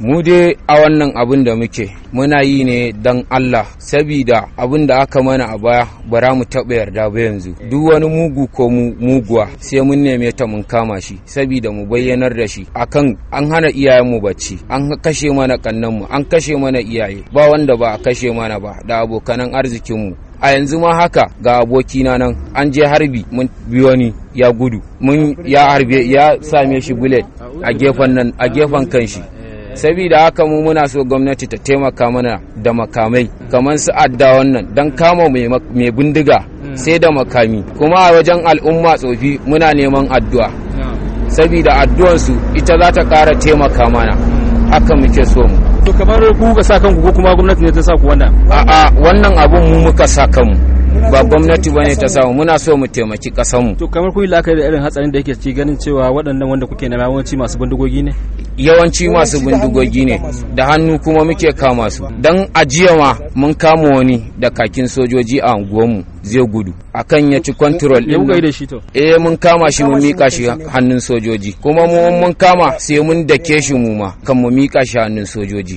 mu dai a wannan abin da muke muna yi ne don Allah sabida abin da aka mana a baya bara mu taɓa yarda ba yanzu duk wani mugu ko mu muguwa sai mun neme ta mun kama shi sabida mu bayyanar da shi akan an hana mu bacci an kashe mana kannanmu an kashe mana iyaye ba wanda ba a kashe mana ba da abokanan arzikinmu a yanzu ma haka ga abokina nan an je harbi mun bi wani ya gudu mun ya harbe ya same shi bullet a gefen kan shi. saboda haka mu muna so gwamnati ta taimaka mana da makamai kamar su adda wannan don kama mai bindiga hmm. sai da makami kuma a wajen al'umma tsofi muna neman addu'a saboda addu'ansu ita za ta ƙara taimaka mana haka muke so mu kamar ku ga sa kanku ko kuma gwamnati ne ta sa ku wannan a'a wannan abun mu muka sa kanmu ba gwamnati bane ta samu muna so mu taimaki kasanmu to kamar kun yi la'akari da irin hatsarin da yake ci ganin cewa waɗannan wanda kuke na yawanci masu bindigogi ne yawanci masu bindigogi ne da hannu kuma muke kama su dan ajiya ma mun kama wani da kakin sojoji a mu zai gudu akan ya ci control din da shi to eh mun kama shi mun mika shi hannun sojoji kuma mu mun kama sai mun dake shi mu ma kan mu mika shi hannun sojoji